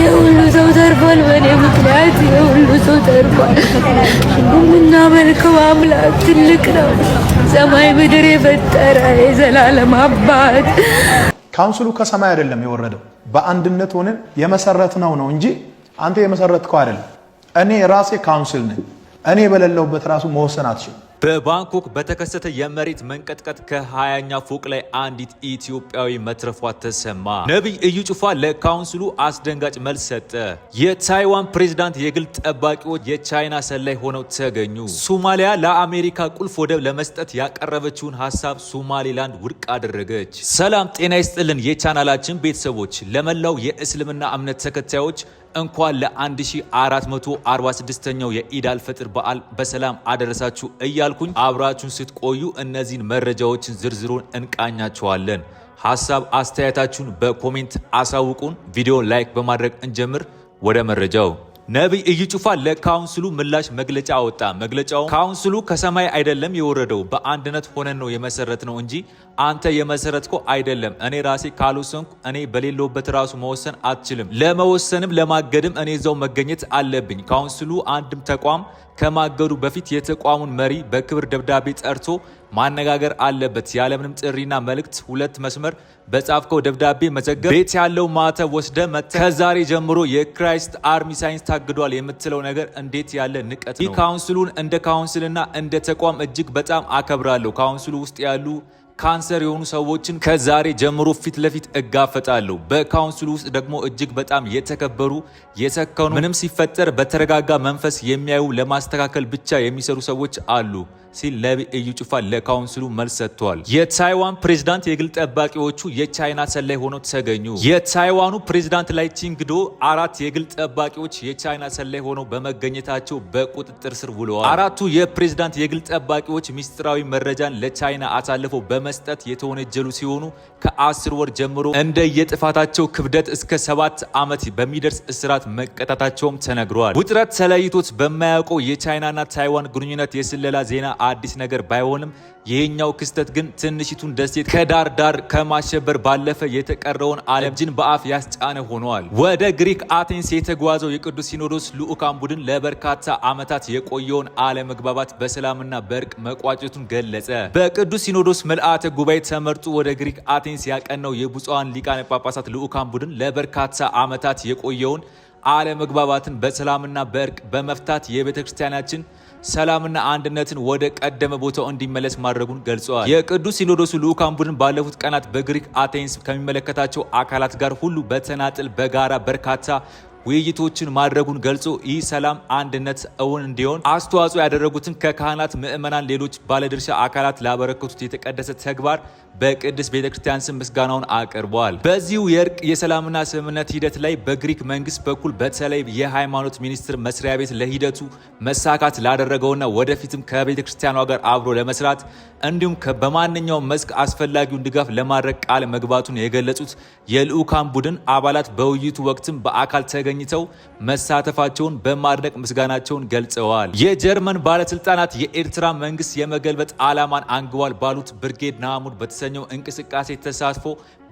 የሁሉ ሰው ተርፏል። በእኔ ምክንያት የሁሉ ሰው ተርፏል። የምናመልከው አምላክ ትልቅ ነው። ሰማይ ምድር የፈጠረ የዘላለም አባት። ካውንስሉ ከሰማይ አይደለም የወረደው በአንድነት ሆነን የመሰረት ነው ነው እንጂ አንተ የመሰረትከው አይደለም። እኔ ራሴ ካውንስል ነኝ። እኔ በሌለውበት ራሱ መወሰን አትችልም። በባንኮክ በተከሰተ የመሬት መንቀጥቀጥ ከ20ኛ ፎቅ ላይ አንዲት ኢትዮጵያዊ መትረፏ ተሰማ። ነቢይ እዩ ጩፋ ለካውንስሉ አስደንጋጭ መልስ ሰጠ። የታይዋን ፕሬዝዳንት የግል ጠባቂዎች የቻይና ሰላይ ሆነው ተገኙ። ሶማሊያ ለአሜሪካ ቁልፍ ወደብ ለመስጠት ያቀረበችውን ሀሳብ ሶማሌላንድ ውድቅ አደረገች። ሰላም ጤና ይስጥልን የቻናላችን ቤተሰቦች ለመላው የእስልምና እምነት ተከታዮች እንኳን ለ1446ኛው የኢዳል ፈጥር በዓል በሰላም አደረሳችሁ እያልኩኝ አብራችሁን ስትቆዩ እነዚህን መረጃዎችን ዝርዝሩን እንቃኛቸዋለን። ሀሳብ አስተያየታችሁን በኮሜንት አሳውቁን። ቪዲዮ ላይክ በማድረግ እንጀምር። ወደ መረጃው ነቢይ እዩ ጩፋ ለካውንስሉ ምላሽ መግለጫ አወጣ። መግለጫው ካውንስሉ ከሰማይ አይደለም የወረደው በአንድነት ሆነን ነው የመሰረት ነው እንጂ አንተ የመሰረትኮ አይደለም። እኔ ራሴ ካልወሰንኩ እኔ በሌለውበት ራሱ መወሰን አትችልም። ለመወሰንም ለማገድም እኔ እዛው መገኘት አለብኝ። ካውንስሉ አንድም ተቋም ከማገዱ በፊት የተቋሙን መሪ በክብር ደብዳቤ ጠርቶ ማነጋገር አለበት። ያለምንም ጥሪና መልእክት ሁለት መስመር በጻፍከው ደብዳቤ መዘገብ ቤት ያለው ማተብ ወስደ መተ ከዛሬ ጀምሮ የክራይስት አርሚ ሳይንስ ታግዷል የምትለው ነገር እንዴት ያለ ንቀት ነው! ይህ ካውንስሉን እንደ ካውንስልና እንደ ተቋም እጅግ በጣም አከብራለሁ። ካውንስሉ ውስጥ ያሉ ካንሰር የሆኑ ሰዎችን ከዛሬ ጀምሮ ፊት ለፊት እጋፈጣለሁ። በካውንስሉ ውስጥ ደግሞ እጅግ በጣም የተከበሩ የሰከኑ፣ ምንም ሲፈጠር በተረጋጋ መንፈስ የሚያዩ ለማስተካከል ብቻ የሚሰሩ ሰዎች አሉ ሲል ለቢ እዩ ጩፋ ለካውንስሉ መልስ ሰጥተዋል። የታይዋን ፕሬዝዳንት የግል ጠባቂዎቹ የቻይና ሰላይ ሆነው ተገኙ። የታይዋኑ ፕሬዝዳንት ላይ ቺንግዶ አራት የግል ጠባቂዎች የቻይና ሰላይ ሆነው በመገኘታቸው በቁጥጥር ስር ውለዋል። አራቱ የፕሬዝዳንት የግል ጠባቂዎች ሚስጥራዊ መረጃን ለቻይና አሳልፈው በመስጠት የተወነጀሉ ሲሆኑ ከአስር ወር ጀምሮ እንደ የጥፋታቸው ክብደት እስከ ሰባት ዓመት በሚደርስ እስራት መቀጣታቸውም ተነግሯል። ውጥረት ተለይቶት በማያውቀው የቻይናና ታይዋን ግንኙነት የስለላ ዜና አዲስ ነገር ባይሆንም ይህኛው ክስተት ግን ትንሽቱን ደሴት ከዳር ዳር ከማሸበር ባለፈ የተቀረውን ዓለም ጅን በአፍ ያስጫነ ሆኗል። ወደ ግሪክ አቴንስ የተጓዘው የቅዱስ ሲኖዶስ ልዑካን ቡድን ለበርካታ ዓመታት የቆየውን አለመግባባት በሰላምና በእርቅ መቋጨቱን ገለጸ። በቅዱስ ሲኖዶስ መልአ ምልአተ ጉባኤ ተመርጦ ወደ ግሪክ አቴንስ ያቀነው የብፁዓን ሊቃነ ጳጳሳት ልዑካን ቡድን ለበርካታ ዓመታት የቆየውን አለመግባባትን በሰላምና በእርቅ በመፍታት የቤተ ክርስቲያናችን ሰላምና አንድነትን ወደ ቀደመ ቦታው እንዲመለስ ማድረጉን ገልጸዋል። የቅዱስ ሲኖዶሱ ልዑካን ቡድን ባለፉት ቀናት በግሪክ አቴንስ ከሚመለከታቸው አካላት ጋር ሁሉ በተናጥል በጋራ በርካታ ውይይቶችን ማድረጉን ገልጾ ይህ ሰላም አንድነት እውን እንዲሆን አስተዋጽኦ ያደረጉትን ከካህናት፣ ምዕመናን፣ ሌሎች ባለድርሻ አካላት ላበረከቱት የተቀደሰ ተግባር በቅድስት ቤተ ክርስቲያን ስም ምስጋናውን አቅርበዋል። በዚሁ የእርቅ የሰላምና ስምምነት ሂደት ላይ በግሪክ መንግስት በኩል በተለይ የሃይማኖት ሚኒስቴር መስሪያ ቤት ለሂደቱ መሳካት ላደረገውና ወደፊትም ከቤተ ክርስቲያኗ ጋር አብሮ ለመስራት እንዲሁም በማንኛውም መስክ አስፈላጊውን ድጋፍ ለማድረግ ቃል መግባቱን የገለጹት የልዑካን ቡድን አባላት በውይይቱ ወቅትም በአካል ተገ ተገኝተው መሳተፋቸውን በማድነቅ ምስጋናቸውን ገልጸዋል። የጀርመን ባለስልጣናት የኤርትራ መንግስት የመገልበጥ ዓላማን አንግቧል ባሉት ብርጌድ ናሙድ በተሰኘው እንቅስቃሴ ተሳትፎ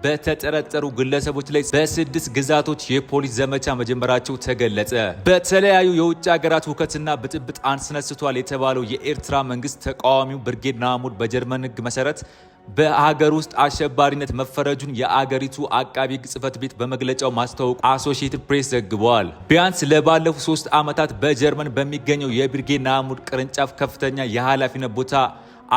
በተጠረጠሩ ግለሰቦች ላይ በስድስት ግዛቶች የፖሊስ ዘመቻ መጀመራቸው ተገለጸ። በተለያዩ የውጭ ሀገራት ሁከትና ብጥብጥ አስነስቷል የተባለው የኤርትራ መንግስት ተቃዋሚው ብርጌድ ናሙድ በጀርመን ህግ መሰረት በሀገር ውስጥ አሸባሪነት መፈረጁን የአገሪቱ አቃቢ ሕግ ቤት በመግለጫው ማስታወቁ አሶሺየትድ ፕሬስ ዘግበዋል። ቢያንስ ለባለፉት ሶስት ዓመታት በጀርመን በሚገኘው የብርጌ ናሙድ ቅርንጫፍ ከፍተኛ የኃላፊነት ቦታ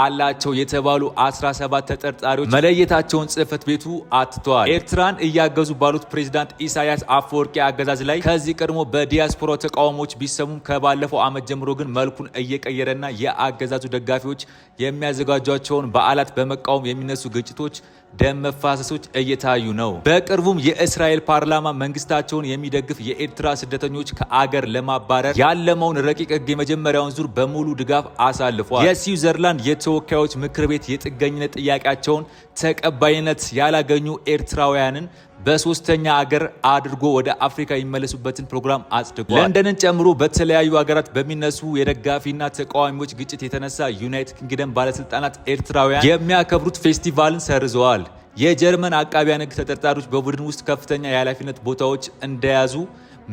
አላቸው የተባሉ 17 ተጠርጣሪዎች መለየታቸውን ጽህፈት ቤቱ አትተዋል። ኤርትራን እያገዙ ባሉት ፕሬዚዳንት ኢሳያስ አፈወርቂ አገዛዝ ላይ ከዚህ ቀድሞ በዲያስፖራ ተቃውሞዎች ቢሰሙም ከባለፈው ዓመት ጀምሮ ግን መልኩን እየቀየረና የአገዛዙ ደጋፊዎች የሚያዘጋጇቸውን በዓላት በመቃወም የሚነሱ ግጭቶች ደም መፋሰሶች እየታዩ ነው። በቅርቡም የእስራኤል ፓርላማ መንግስታቸውን የሚደግፍ የኤርትራ ስደተኞች ከአገር ለማባረር ያለመውን ረቂቅ ህግ የመጀመሪያውን ዙር በሙሉ ድጋፍ አሳልፏል። የስዊዘርላንድ የተወካዮች ምክር ቤት የጥገኝነት ጥያቄያቸውን ተቀባይነት ያላገኙ ኤርትራውያንን በሶስተኛ አገር አድርጎ ወደ አፍሪካ የሚመለሱበትን ፕሮግራም አጽድቋል። ለንደንን ጨምሮ በተለያዩ ሀገራት በሚነሱ የደጋፊና ተቃዋሚዎች ግጭት የተነሳ ዩናይትድ ኪንግደም ባለስልጣናት ኤርትራውያን የሚያከብሩት ፌስቲቫልን ሰርዘዋል። የጀርመን አቃቢያን ሕግ ተጠርጣሪዎች በቡድን ውስጥ ከፍተኛ የኃላፊነት ቦታዎች እንደያዙ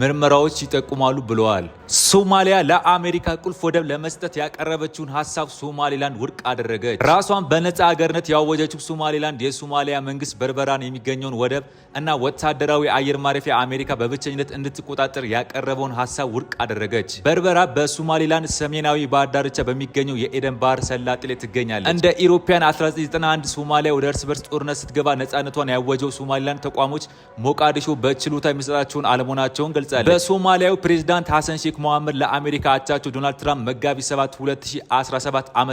ምርመራዎች ይጠቁማሉ ብለዋል። ሶማሊያ ለአሜሪካ ቁልፍ ወደብ ለመስጠት ያቀረበችውን ሀሳብ ሶማሌላንድ ውድቅ አደረገች። ራሷን በነፃ ሀገርነት ያወጀችው ሶማሌላንድ የሶማሊያ መንግስት በርበራን የሚገኘውን ወደብ እና ወታደራዊ አየር ማረፊያ አሜሪካ በብቸኝነት እንድትቆጣጠር ያቀረበውን ሀሳብ ውድቅ አደረገች። በርበራ በሶማሌላንድ ሰሜናዊ ባህር ዳርቻ በሚገኘው የኤደን ባህር ሰላጤ ላይ ትገኛለች። እንደ ኢሮፓያን 1991 ሶማሊያ ወደ እርስ በርስ ጦርነት ስትገባ ነፃነቷን ያወጀው ሶማሌላንድ ተቋሞች ሞቃዲሾ በችሎታ የሚሰጣቸውን አለመሆናቸውን ገልጻለች። በሶማሊያዊ ፕሬዚዳንት ሐሰን ሼክ መሐመድ ለአሜሪካ አቻቸው ዶናልድ ትራምፕ መጋቢት 7 2017 ዓ ም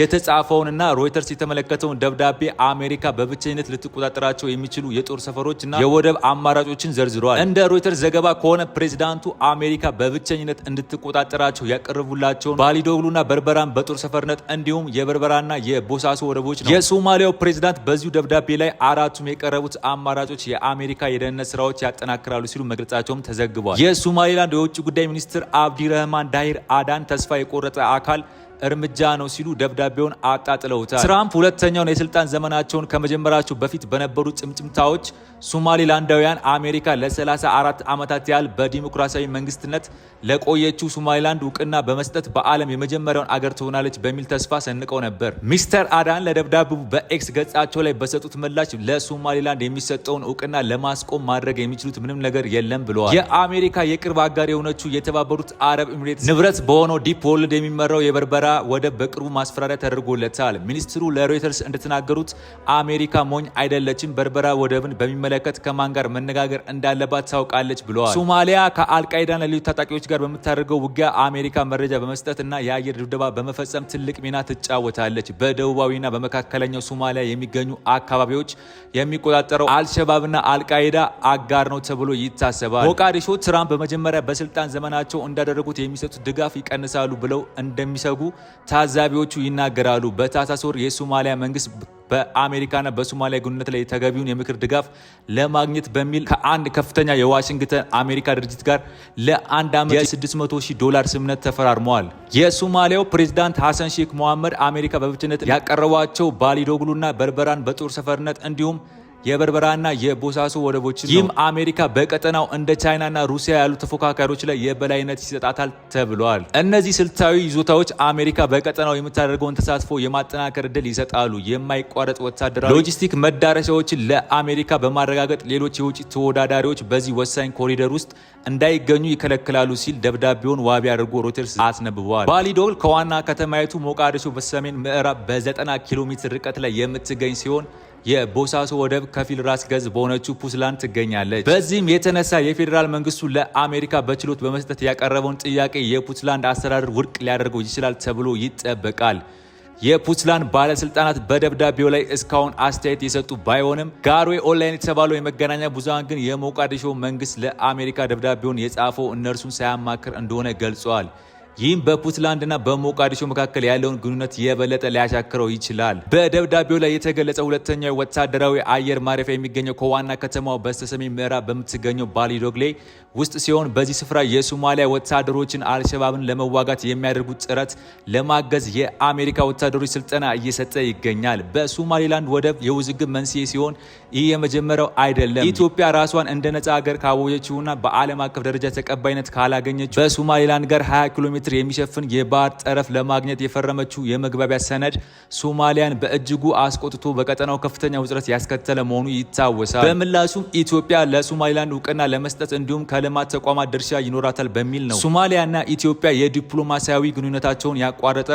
የተጻፈውንና ሮይተርስ የተመለከተውን ደብዳቤ አሜሪካ በብቸኝነት ልትቆጣጠራቸው የሚችሉ የጦር ሰፈሮችና የወደብ አማራጮችን ዘርዝረዋል። እንደ ሮይተርስ ዘገባ ከሆነ ፕሬዚዳንቱ አሜሪካ በብቸኝነት እንድትቆጣጠራቸው ያቀርቡላቸውን ባሊዶግሉና በርበራን በጦር ሰፈርነት እንዲሁም የበርበራና የቦሳሶ ወደቦች ነው። የሶማሊያው ፕሬዚዳንት በዚሁ ደብዳቤ ላይ አራቱም የቀረቡት አማራጮች የአሜሪካ የደህንነት ስራዎች ያጠናክራሉ ሲሉ መግለጻቸውም ተዘ ዘግቧል። የሶማሌላንድ የውጭ ጉዳይ ሚኒስትር አብዲ ረህማን ዳሂር አዳን ተስፋ የቆረጠ አካል እርምጃ ነው ሲሉ ደብዳቤውን አጣጥለውታል። ትራምፕ ሁለተኛውን የስልጣን ዘመናቸውን ከመጀመራቸው በፊት በነበሩ ጭምጭምታዎች ሶማሊላንዳውያን አሜሪካ ለ34 ዓመታት ያህል በዲሞክራሲያዊ መንግስትነት ለቆየችው ሶማሊላንድ እውቅና በመስጠት በዓለም የመጀመሪያውን አገር ትሆናለች በሚል ተስፋ ሰንቀው ነበር። ሚስተር አዳን ለደብዳቤው በኤክስ ገጻቸው ላይ በሰጡት ምላሽ ለሶማሊላንድ የሚሰጠውን እውቅና ለማስቆም ማድረግ የሚችሉት ምንም ነገር የለም ብለዋል። የአሜሪካ የቅርብ አጋር የሆነችው የተባበሩት አረብ ኤሚሬትስ ንብረት በሆነው ዲፕ ወርልድ የሚመራው የበርበራ የበርበራ ወደብ በቅርቡ ማስፈራሪያ ተደርጎለታል። ሚኒስትሩ ለሮይተርስ እንደተናገሩት አሜሪካ ሞኝ አይደለችም፣ በርበራ ወደብን በሚመለከት ከማን ጋር መነጋገር እንዳለባት ታውቃለች ብለዋል። ሶማሊያ ከአልቃይዳና ሌሎች ታጣቂዎች ጋር በምታደርገው ውጊያ አሜሪካ መረጃ በመስጠት እና የአየር ድብደባ በመፈጸም ትልቅ ሚና ትጫወታለች። በደቡባዊና በመካከለኛው ሶማሊያ የሚገኙ አካባቢዎች የሚቆጣጠረው አልሸባብና አልቃይዳ አጋር ነው ተብሎ ይታሰባል። ሞቃዲሾ ትራምፕ በመጀመሪያ በስልጣን ዘመናቸው እንዳደረጉት የሚሰጡት ድጋፍ ይቀንሳሉ ብለው እንደሚሰጉ ታዛቢዎቹ ይናገራሉ። በታህሳስ ወር የሶማሊያ መንግስት በአሜሪካና በሶማሊያ ግንኙነት ላይ የተገቢውን የምክር ድጋፍ ለማግኘት በሚል ከአንድ ከፍተኛ የዋሽንግተን አሜሪካ ድርጅት ጋር ለአንድ ዓመት የ600 ዶላር ስምምነት ተፈራርመዋል። የሶማሊያው ፕሬዚዳንት ሐሰን ሼክ መሐመድ አሜሪካ በብችነት ያቀረቧቸው ባሊዶግሉና በርበራን በጦር ሰፈርነት እንዲሁም የበርበራና የቦሳሶ ወደቦችን ይህም አሜሪካ በቀጠናው እንደ ቻይናና ሩሲያ ያሉ ተፎካካሪዎች ላይ የበላይነት ይሰጣታል ተብሏል። እነዚህ ስልታዊ ይዞታዎች አሜሪካ በቀጠናው የምታደርገውን ተሳትፎ የማጠናከር እድል ይሰጣሉ። የማይቋረጥ ወታደራዊ ሎጂስቲክ መዳረሻዎችን ለአሜሪካ በማረጋገጥ ሌሎች የውጭ ተወዳዳሪዎች በዚህ ወሳኝ ኮሪደር ውስጥ እንዳይገኙ ይከለክላሉ ሲል ደብዳቤውን ዋቢ አድርጎ ሮይተርስ አስነብበዋል። ባሊዶል ከዋና ከተማይቱ ሞቃዲሾ በሰሜን ምዕራብ በ90 ኪሎ ሜትር ርቀት ላይ የምትገኝ ሲሆን የቦሳሶ ወደብ ከፊል ራስ ገዝ በሆነችው ፑንትላንድ ትገኛለች። በዚህም የተነሳ የፌዴራል መንግስቱ ለአሜሪካ በችሎት በመስጠት ያቀረበውን ጥያቄ የፑትላንድ አስተዳደር ውድቅ ሊያደርገው ይችላል ተብሎ ይጠበቃል። የፑትላንድ ባለስልጣናት በደብዳቤው ላይ እስካሁን አስተያየት የሰጡ ባይሆንም ጋርዌ ኦንላይን የተባለው የመገናኛ ብዙሃን ግን የሞቃዲሾ መንግስት ለአሜሪካ ደብዳቤውን የጻፈው እነርሱን ሳያማክር እንደሆነ ገልጸዋል። ይህም በፑንትላንድና በሞቃዲሾ መካከል ያለውን ግንኙነት የበለጠ ሊያሻክረው ይችላል። በደብዳቤው ላይ የተገለጸ ሁለተኛው ወታደራዊ አየር ማረፊያ የሚገኘው ከዋና ከተማው በስተሰሜን ምዕራብ በምትገኘው ባሊዶግሌ ውስጥ ሲሆን በዚህ ስፍራ የሶማሊያ ወታደሮችን አልሸባብን ለመዋጋት የሚያደርጉት ጥረት ለማገዝ የአሜሪካ ወታደሮች ስልጠና እየሰጠ ይገኛል። በሶማሌላንድ ወደብ የውዝግብ መንስኤ ሲሆን ይህ የመጀመሪያው አይደለም። ኢትዮጵያ ራሷን እንደ ነጻ ሀገር ካወጀችውና በዓለም አቀፍ ደረጃ ተቀባይነት ካላገኘችው በሶማሌላንድ ጋር 20 ኪሎ ሜትር የሚሸፍን የባህር ጠረፍ ለማግኘት የፈረመችው የመግባቢያ ሰነድ ሶማሊያን በእጅጉ አስቆጥቶ በቀጠናው ከፍተኛ ውጥረት ያስከተለ መሆኑ ይታወሳል። በምላሹም ኢትዮጵያ ለሶማሊላንድ እውቅና ለመስጠት እንዲሁም ከልማት ተቋማት ድርሻ ይኖራታል በሚል ነው ሶማሊያና ኢትዮጵያ የዲፕሎማሲያዊ ግንኙነታቸውን ያቋረጠ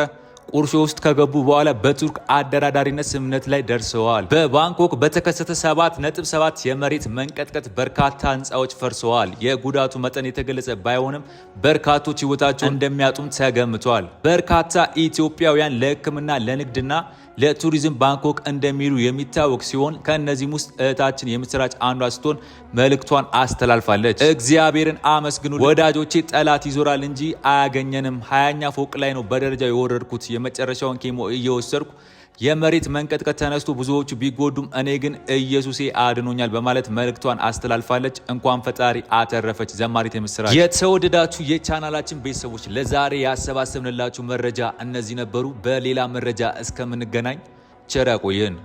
ቁርሾ ውስጥ ከገቡ በኋላ በቱርክ አደራዳሪነት ስምምነት ላይ ደርሰዋል። በባንኮክ በተከሰተ ሰባት የመሬት መንቀጥቀጥ በርካታ ህንፃዎች ፈርሰዋል። የጉዳቱ መጠን የተገለጸ ባይሆንም በርካቶች ህይወታቸው እንደሚያጡም ተገምቷል። በርካታ ኢትዮጵያውያን ለህክምና ለንግድና ለቱሪዝም ባንኮክ እንደሚሉ የሚታወቅ ሲሆን ከእነዚህም ውስጥ እህታችን የምስራች አንዷ ስትሆን መልእክቷን አስተላልፋለች። እግዚአብሔርን አመስግኑ ወዳጆቼ፣ ጠላት ይዞራል እንጂ አያገኘንም። ሀያኛ ፎቅ ላይ ነው በደረጃ የወረድኩት የመጨረሻውን ኬሞ እየወሰድኩ የመሬት መንቀጥቀጥ ተነስቶ ብዙዎቹ ቢጎዱም እኔ ግን ኢየሱሴ አድኖኛል በማለት መልእክቷን አስተላልፋለች። እንኳን ፈጣሪ አተረፈች ዘማሪት የምስራች። የተወደዳችሁ የቻናላችን ቤተሰቦች ለዛሬ ያሰባሰብንላችሁ መረጃ እነዚህ ነበሩ። በሌላ መረጃ እስከምንገናኝ ቸር ያቆየን።